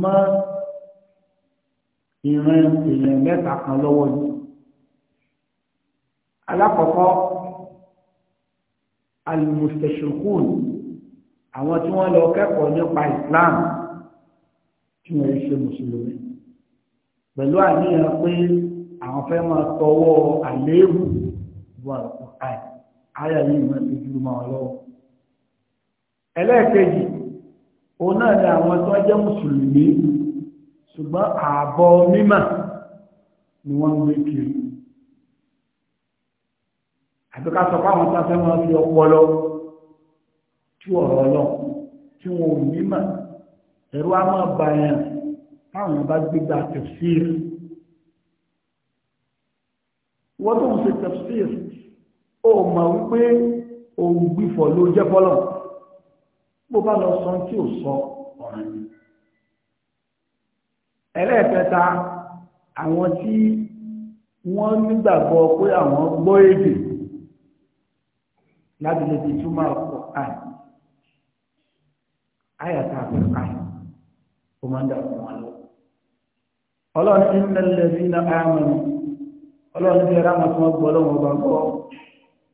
mọ́ ìran èèyàn mẹ́ta kan lọ́wọ́ ni alákọ̀ọ́kọ́ al-mustashriqun àwọn tí wọ́n lọ kẹ́kọ̀ọ́ nípa Islam tí wọ́n ṣe mùsùlùmí pẹ̀lú àníyàn pé àwọn fẹ́ máa tọwọ́ àléébù wà ọ̀kan ayà yìí máa ti dúró máa lọ́wọ́ ẹlẹ́ẹ̀kejì òun náà ni àwọn tó jẹ́ mùsùlùmí ṣùgbọ́n ààbọ̀ mímọ̀ ni wọ́n ń gbé kiri àbíká sọ fáwọn tó fẹ́ máa fi ọpọlọ tú ọ̀rọ̀ ọlọ́run tí wọn ò ní mà ẹ̀rọ á máa ba yẹn táwọn yẹn bá gbégbá tafsir wọ́n tó ń ṣe tafsir ó mọ̀ wípé òun gbìfọ̀ ló jẹ́ fọ́lọ̀ bó bá lọ sọ tí ò sọ ọ̀ràn ni ẹlẹ́ẹ̀kẹta àwọn tí wọ́n nígbàgbọ́ pé àwọn gbọ́ èdè láti lè fi túmọ̀ ọ̀pọ̀ àyàtà àpẹẹrẹ kó máa ń dà fún wọn lọ. ọlọ́run ní nílẹ̀ bí iná àmì ọlọ́run ní ẹ̀rọ àmọ́ tí wọ́n gbọ́ lọ́wọ́ bá gbọ́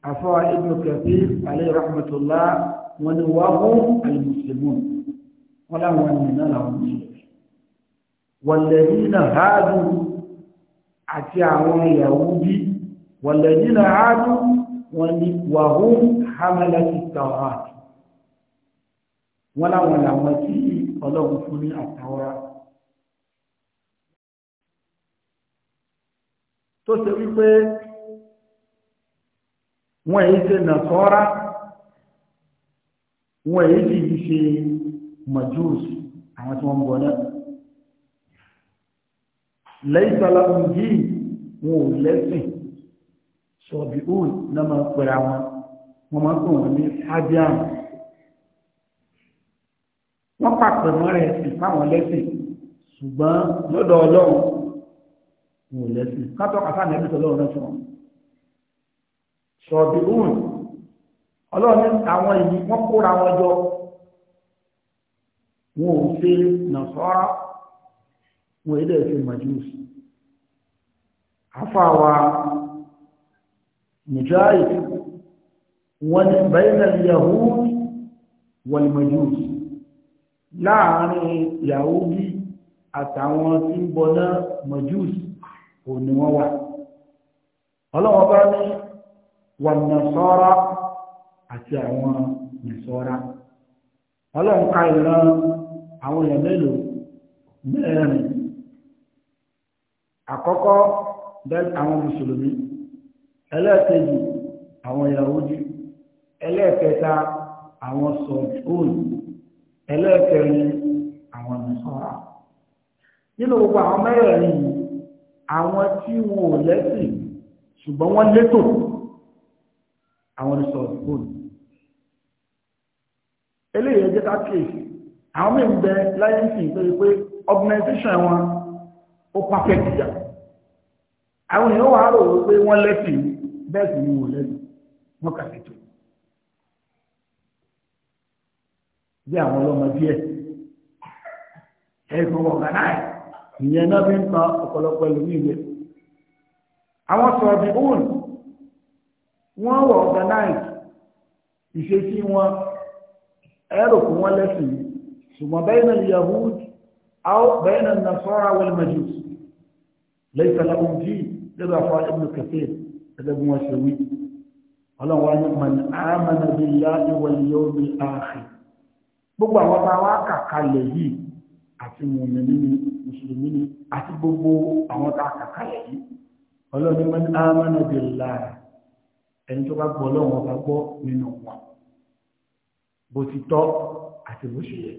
àfọ́ ibnu kathir alayhi rahmatullah wọn ni wàá hó alimusulmù wọn làwọn ènìyàn náà làwọn mùsùlùmí. wọ̀lẹ̀bí iná háàdù àti àwọn Yahudi wọ̀lẹ̀bí iná háàdù wọn ni wàá hó hamalati tawrat wọ́n láwọn làwọn tí ọlọ́run fún ní àtàwọ́ra tó ṣe wípé wọ́n èyí ṣe nàṣọ́ra wọ́n èyí sì yí ṣe majus àwọn tí wọ́n ń bọ̀ náà lẹ́yìn sọ́lọ́run yìí wọn ò lẹ́sìn sọ̀bí náà máa pẹ̀lú àwọn wọ́n máa pè wọ́n ní ábíàmù wọ́n pàpẹ mọ́ra ẹ̀sìn fáwọn lẹ́sìn ṣùgbọ́n lọ́dọ̀ ọlọ́run wò lẹ́sìn kátó kàtà nẹbi tọlọ́run náà fún ọ sọọbi òun ọlọ́run àwọn èyí wọ́n kóra wọn jọ wọn ò ṣe nàṣọra wọn èdè ṣe màjúùsì afáwa mujahid wọn ni bẹ́ẹ̀ náà yahoo wọn ni màjúùsì. láàárín yahudi àtàwọn tí ń bọná majus ò ní wọ́n wà ọlọ́wọ́ bá ní wà nàṣọ́ra àti àwọn nàṣọ́ra ọlọ́run ká ìran àwọn èèyàn mélòó mẹ́rin àkọ́kọ́ àwọn mùsùlùmí ẹlẹ́ẹ̀kejì àwọn yahudi ẹlẹ́ẹ̀kẹta àwọn sọ̀tún ẹlẹ́ẹ̀kẹrin àwọn nìsọ́ra nínú gbogbo àwọn mẹ́rẹ̀ẹ̀rin àwọn tí wọn ò lẹ́sìn ṣùgbọ́n wọ́n létò àwọn nìsọ̀rọ̀ fóònù eléyìí ẹjẹ́ ká kéèsì àwọn mí ń bẹ láyé ń sì pé pé organization wọn ó perfect jà àwọn èèyàn wà á rò wípé wọ́n lẹ́sìn bẹ́ẹ̀ sì ni wọ́n lẹ́sìn wọ́n kà sí tó bí àwọn ọlọ́mọ díẹ̀ ẹ̀kọ́ wọ̀gá náà ìyẹn náà fi ń pa ọ̀pọ̀lọpọ̀ ẹlòmí ìwé àwọn sọ̀rọ̀ bí òun wọ́n wọ̀ organize ìṣesí wọn ẹ̀rọ kún wọn lẹ́sìn ṣùgbọ́n bayna al-yahud aw bayna an-nasara wal-majus laysa lahum din lẹ́gbàá fún ibn Kathir ẹgbẹ́ bí wọ́n ṣe wí ọlọ́run wa ni man amana billahi wal yawmil akhir gbogbo àwọn bá wá kàkalẹ̀ yìí àti mùmìnì ni mùsùlùmí ni àti gbogbo àwọn tá a kàkalẹ̀ yìí ọlọ́ni wọn ní amánà bíi láàyè ẹni tó bá gbọ́ ọlọ́run ọba gbọ́ nínú wọn bó ti tọ́ àti bó ṣe yẹ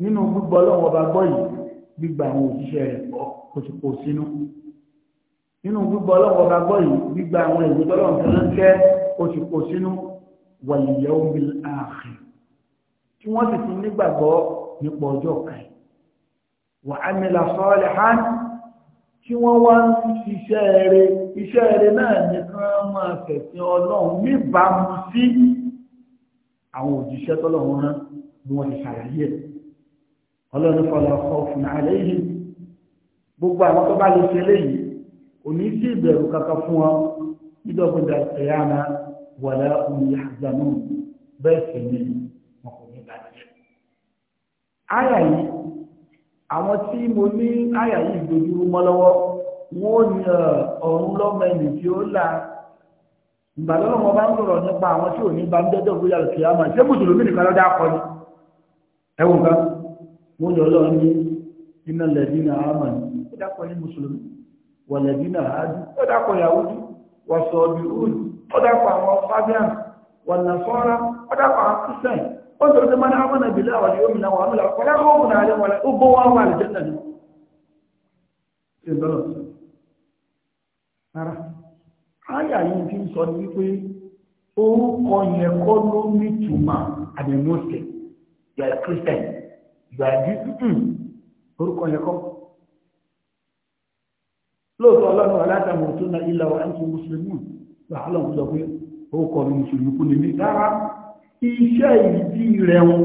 nínú gbígbọ́ ọlọ́run ọba gbọ́ yìí gbígba àwọn òṣìṣẹ́ rẹ̀ gbọ́ kó ti kó sínú nínú gbígbọ́ ọlọ́run ọba gbọ́ yìí gbígba àwọn ìwé tọ́lọ́run tó ń kẹ́ kó ti kó sínú wal yawmil akhir tí wọ́n sì tún nígbàgbọ́ nípa ọjọ́ kan wà á mẹ́la sọ́ọ́lẹ̀ hàn tí wọ́n wá ń ṣiṣẹ́ rere iṣẹ́ rere náà ní kán máa fẹ̀sìn ọlọ́run níbàámu sí àwọn òjíṣẹ́ tọ́lọ́run rán bí wọ́n ti ṣàlàyé ẹ̀ ọlọ́run fọlọ́ ọkọ̀ òfin àlẹ́ yìí gbogbo àwọn tó bá lè ṣe léyìí òní sí ìbẹ̀rù kankan fún wọn nígbàgbọ́dà ẹ̀yà náà wàlá òun yà zànú bẹ́ẹ̀ sì ni àyà yìí àwọn tí mo ní àyà yìí dojú mọ́ lọ́wọ́ wọ́n ní ọ̀run lọ́mọ ẹni tí ó là ìgbàlọ́ lọ́mọ bá ń sọ̀rọ̀ nípa àwọn tí ò ní bá ń dẹ́dọ̀ bóyá lọ́sẹ̀ yá máa ṣé mùsùlùmí nìkan lọ́dá kọ́ ni ẹ̀wọ̀n kan wọ́n ní ọlọ́run ní iná lẹ́dínà àmà ní ó dákọ̀ ní mùsùlùmí wà lẹ́dínà àádú ó dákọ̀ yahudi wà sọ̀ọ́bì òòlù ó dákọ̀ àwọn fabian wà nàfọ́ra ó dákọ̀ àwọn kristian ó sọ̀rọ̀ tó máa ní amọ́nà bìlá wà ní omi náà wà mí làwọn kọ́lá kọ́ọ̀kùn náà lẹ́wọ̀n ó bọ́ wọn wà lè jẹ́nà ní. ṣe ń lọ́nà sí rárá áyà orúkọ yẹn kọ́ ló ọlọ́run alátàmọ̀ tó na ilà wa mùsùlùmí wà á lọ́n sọ pé orúkọ mi mùsùlùmí kú ni mí iṣẹ́ ìdí rẹ̀ wọn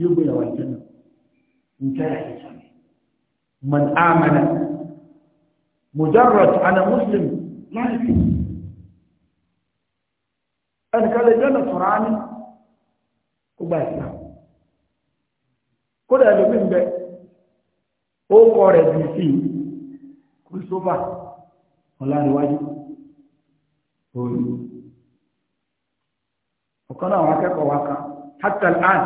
yóò gbé yàwó ìjẹ́nà nǹkan amana mujarrad ana muslim láìsí ẹnìkan jẹ́nà sọ̀rọ̀ ánì kó ìsìlá kódà ẹlòmí ń bẹ ó kọ rẹ̀ bí sí Christopher ọ̀làníwájú ọ̀kan náà àwọn akẹ́kọ̀ọ́ wa kan hatal an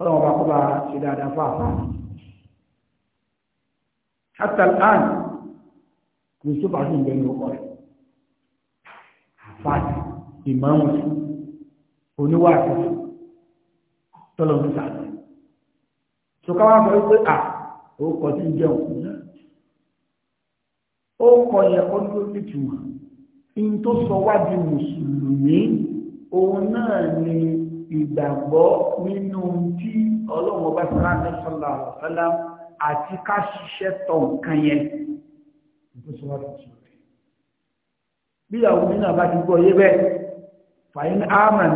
ọlọ́wọ́ bá kọ́ bá ṣe dáadáa fún àfáà hatal an Yusuf àti ìgbẹ́ni ọkọ rẹ̀ àfáà ìmáàmù oníwàásù tọ́lọ̀ ń sàdé ṣùkọ́ wa in tó sọ wá di mùsùlùmí òun náà ni ìgbàgbọ́ nínú tí ọlọ́run ọba sàlámù sọlá ọ̀sálá àti ká ṣiṣẹ́ tọ̀ nǹkan yẹn tó sọ wá di mùsùlùmí. bí àwọn nínú àbá ti gbọ́ yé bẹ́ẹ̀ fàyín ámàn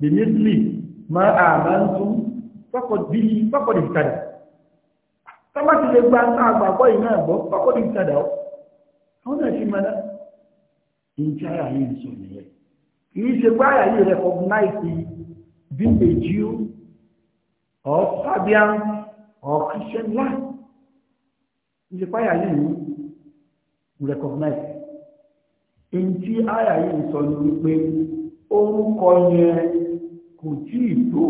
bìmísìlì máa àmàn tún fọ́kọ̀ bí fọ́kọ̀ lè tàdà tọ́mọ́tì lè gba àgbàgbọ́ yìí náà gbọ́ fọ́kọ̀ lè tàdà ó náà ti mọ̀ náà nti aya yìí nso nìyẹn kìí ṣe pé aya yìí recognize being a Jew or Fabian, or Christian life kìí ṣe pé aya yìí recognize nti aya yìí nso ni wípé orúkọ yẹn kò tí ì tó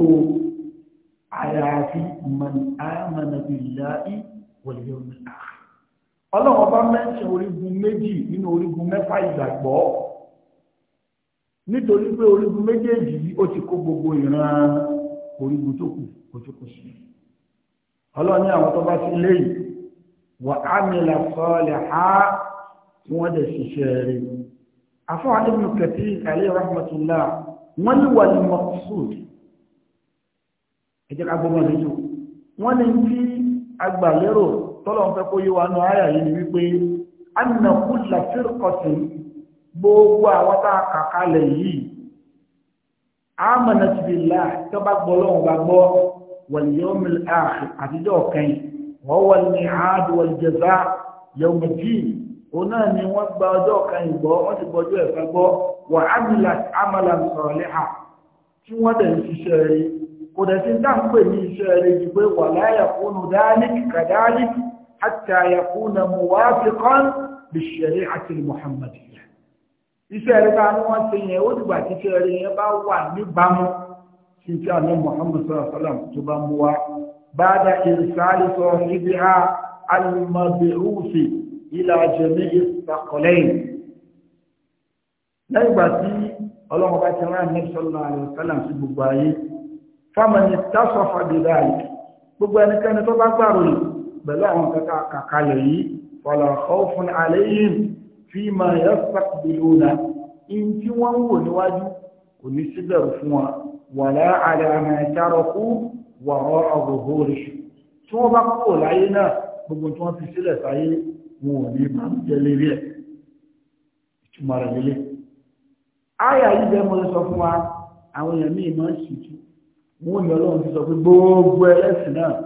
àyàfi man amana billahi wal yawmil akhir ọlọ́run bá mẹ́sàn orígun méjì nínú orígun mẹ́fà ìgbàgbọ́ nítorí pé orígun méjèèjì yìí ó ti kó gbogbo ìran orígun tó kù kó tó kù sí ọlọ́run ní àwọn tó bá sí léyìí wà á mìlà sọ́ọ̀lẹ̀ á tí wọ́n dẹ̀ ṣiṣẹ́ rẹ̀ afọ́wọ́n ní mi kẹ̀tí alayhi rahmatullah wọ́n ní wà ní maqsud ẹ jẹ́ ká gbọ́mọ̀ lójú wọ́n ní tí agbàlérò tọ́lọ̀ ń fẹ́ kó yé wa nù áyà yìí ni wípé anna kulla firqatin gbogbo àwọn tá a kà kalẹ̀ yìí amanat billah tó bá gbọ́ lọ́wọ́ bá gbọ́ wal yawmil akhir àtijọ́ kẹ́yìn wọ́n wal mi'ad wal jazaa yawmid din òun náà ni wọ́n gba ọjọ́ kẹ́yìn gbọ́ wọ́n ti gbọ́jọ́ ẹ̀fẹ́ gbọ́ wọ́n dẹ̀ ń ṣiṣẹ́ rí حتى يكون موافقا بالشريعة المحمدية iṣẹ́ rẹ̀ bá ní wọ́n ṣe yẹn ó dìgbà tí iṣẹ́ rẹ̀ yẹn bá wà níbàámu sí ti àná muhammad sallallahu alaihi wasallam tó bá mú wa ba'da irsali sahibiha al-mab'uthi ila jami'i ath-thaqalayn lẹ́yìn ìgbà tí ọlọ́run bá ti rán àmì sallallahu alaihi wasallam sí gbogbo ayé faman ittasafa bi dhalik gbogbo ẹnikẹ́ni tó bá gbàrò yìí pẹ̀lú àwọn kẹta kàkalẹ̀ yìí fala khawfun alayhim fima yastaqbiluna in tí wọ́n ń wò níwájú kò ní síbẹ̀rù fún wa wala ala ma taraku wara'a zuhurihim tí wọ́n bá kúrò láyé náà gbogbo tí wọ́n fi sílẹ̀ àwọn èèyàn míì máa ń ṣìtú wọn ọlọ́run ti sọ pé gbogbo ẹlẹ́sìn náà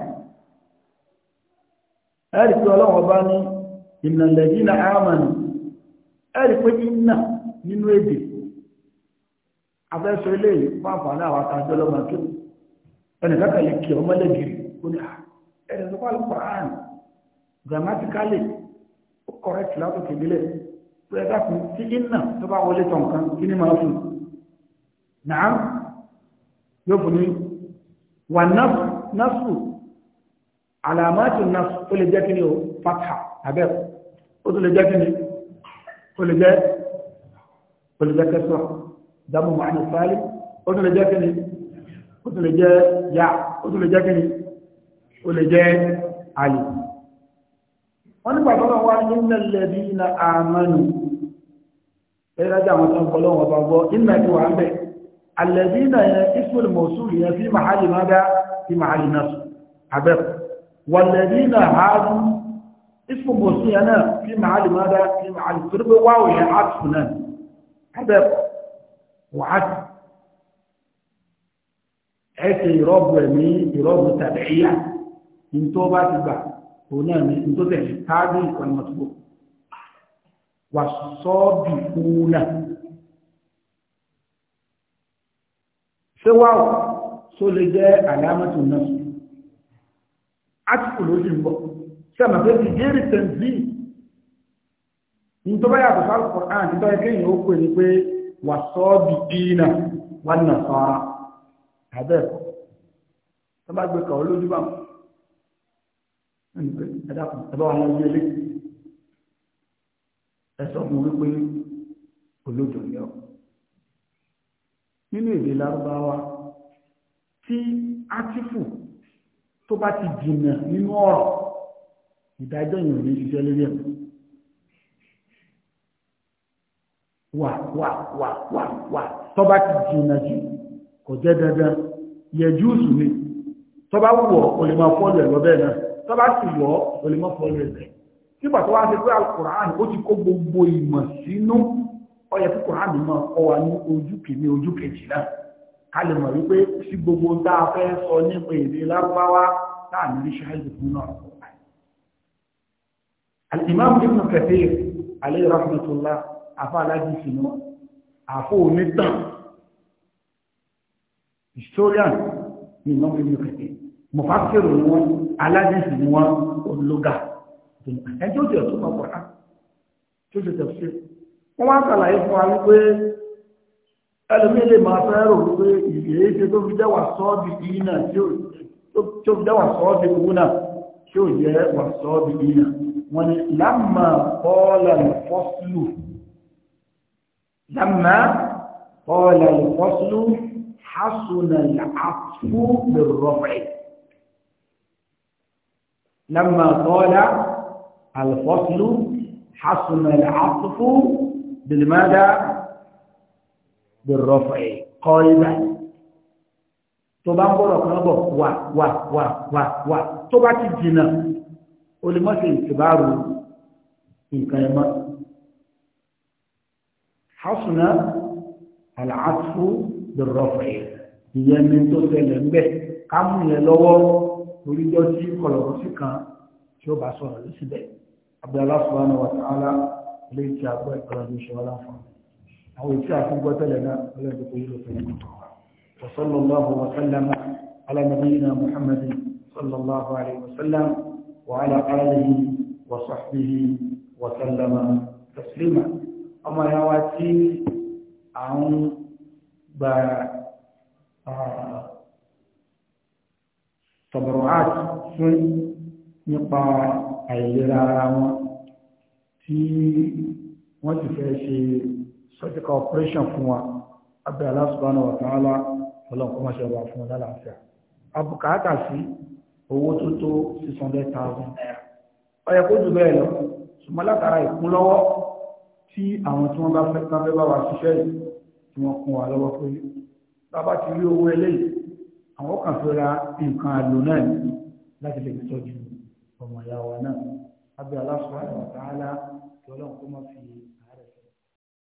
ẹ̀rì pé ọlọ́wọ́ bá ní ìnàlẹ̀dínà àmàni ẹ̀rì pé iná nínú èdè afẹ́sọ ilé ìpáfàánà àwọn àtàjọ lọ́mọ tó ẹnìkàkà lè kí ọmọ lẹ́gìrì ó ní ẹ̀rì tó pàlù pàán grammatically ó correct látòkè nílẹ̀ pé ẹ dákun tí iná tó bá wọlé tọ̀ nǹkan kí ni máa fún nàá yóò fún ní wà náà náà sùn àlàmọ́tò náà ó lè jẹ́ kí ni ó fàtà abẹ́ ó tó lè jẹ́ kí ni ó lè jẹ́ ó lè jẹ́ kẹsọ́ dámọ̀ mọ́ àyè fáálí ó tó lè jẹ́ kí ni ó tó lè jẹ́ yá ó tó lè jẹ́ kí ni ó lè jẹ́ iná lẹ́bí iná àmánù ẹ̀rọ àwọn tó ń kọ́ lọ́wọ́ bá gbọ́ iná ti wà ń bẹ̀ iná yẹn ismul mọ̀sùlù yẹn fi màálì má dá fi màálì náà abẹ́rẹ́ والذين هادوا اسم موصي هنا في معالم ماذا في معالم قرب واو هي عطف هنا هدف وعطف ẹsẹ ìrọ́bù ẹ̀mí ìrọ́bù tàbíyà ní tó bá ti gbà òun náà ní article ló sì ń bọ̀ sẹ́mà pé ti gẹ́rì tẹ̀sí ní tó bá yàtọ̀ sáà Kùránì nígbà kéèyàn ó pè ní pé wà sọ́ọ̀bì dínà wà nà sọ́ra àbẹ́ tó bá gbé lójú nínú èdè lárúbáwá tó bá ti jìnnà nínú ọ̀rọ̀ ìdájọ́ yìí ò ní ṣiṣẹ́ lórí ẹ̀mọ́ wà wà wà wà wà tó bá ti jìnnà jù kò jẹ́ dandan yẹ júùsù ni tó bá wù ọ́ o lè máa fọ́ọ̀lù ẹ̀ lọ́bẹ̀ náà tó bá sì wọ́ o lè máa fọ́ọ̀lù ẹ̀ bẹ̀ nígbà tó wá ṣe pé alukur'an ó ti kó gbogbo ìmọ̀ sínú ó yẹ kí kur'an máa kọ́ wa ní ojú kìíní ojú kejì náà ká lè mọ̀ wípé sí gbogbo tá a fẹ́ sọ nípa èdè lárúbáwá táà ní rí ṣáájú fún náà al-imam ibn kathir alayhi rahmatullah afa aláàjì sínú àfọ onítàn historian ni imam ibn kathir mufakiru ni wọn aláàjì sínú wọn ológa ẹjọ́ jẹ́ tó mọ̀ ẹlòmí lè máa fẹ́ rò wípé ìyẹ́ ṣe tó fi dáwà sọ́ọ̀bì ìyínà tó fi dáwà sọ́ọ̀bì ìwúnà tí ó jẹ́ wà sọ́ọ̀bì ìyínà wọ́n ni lámà kọ́ọ̀lá ìfọ́sílù lámà kọ́ọ̀lá ìfọ́sílù hásùnà àfú lèrọ̀fẹ́ lámà kọ́ọ̀lá الفصل حسن العطف بالماذا بالرفع قلبا tó bá ń bọ̀rọ̀ kan bọ̀ wà wà wà wà wà tó bá ti jìnà o lè mọ́ sí ìtìbáàrù nǹkan ẹmọ́ hasuna al'afu birrafi ìyẹn ni tó tẹ̀lẹ̀ ń bẹ̀ ká mú yẹn lọ́wọ́ oríjọ́ tí kọlọ̀rọ̀ sí kan tí ó bá sọ̀rọ̀ lọ́síbẹ̀ abdullahi subhanahu wa ta'ala lè ti àgbọ̀ ìkọlọ̀ ṣe wọ́n láǹfààní أو ìtí àfúgbọ́ tẹ́lẹ̀ náà ọlọ́dún وصلى الله وسلم على نبينا محمد صلى الله عليه وسلم وعلى آله وصحبه وسلم تسليما أما يواتي عن با آه، تبرعات fún nípa أي لا wọn tí wọ́n ti fẹ́ fe surgical operation fún wa abẹ́ Allah subhanahu wa ta'ala ọlọ́run kọ́ máa ṣe wà fún lálàáfíà abùkátà sí owó tó tó six hundred thousand naira ó yẹ kó jù bẹ́ẹ̀ lọ ṣùgbọ́n látara ìkúnlọ́wọ́ tí àwọn tí wọ́n bá fẹ́ bá fẹ́ bá wa ṣiṣẹ́ yìí tí wọ́n kún wa lọ́wọ́ pé bàbá ti rí owó eléyìí àwọn kan fi ra nǹkan àlò náà láti lè tọ́jú ọmọ ìyá wa náà abẹ́ Allah subhanahu wa ta'ala fi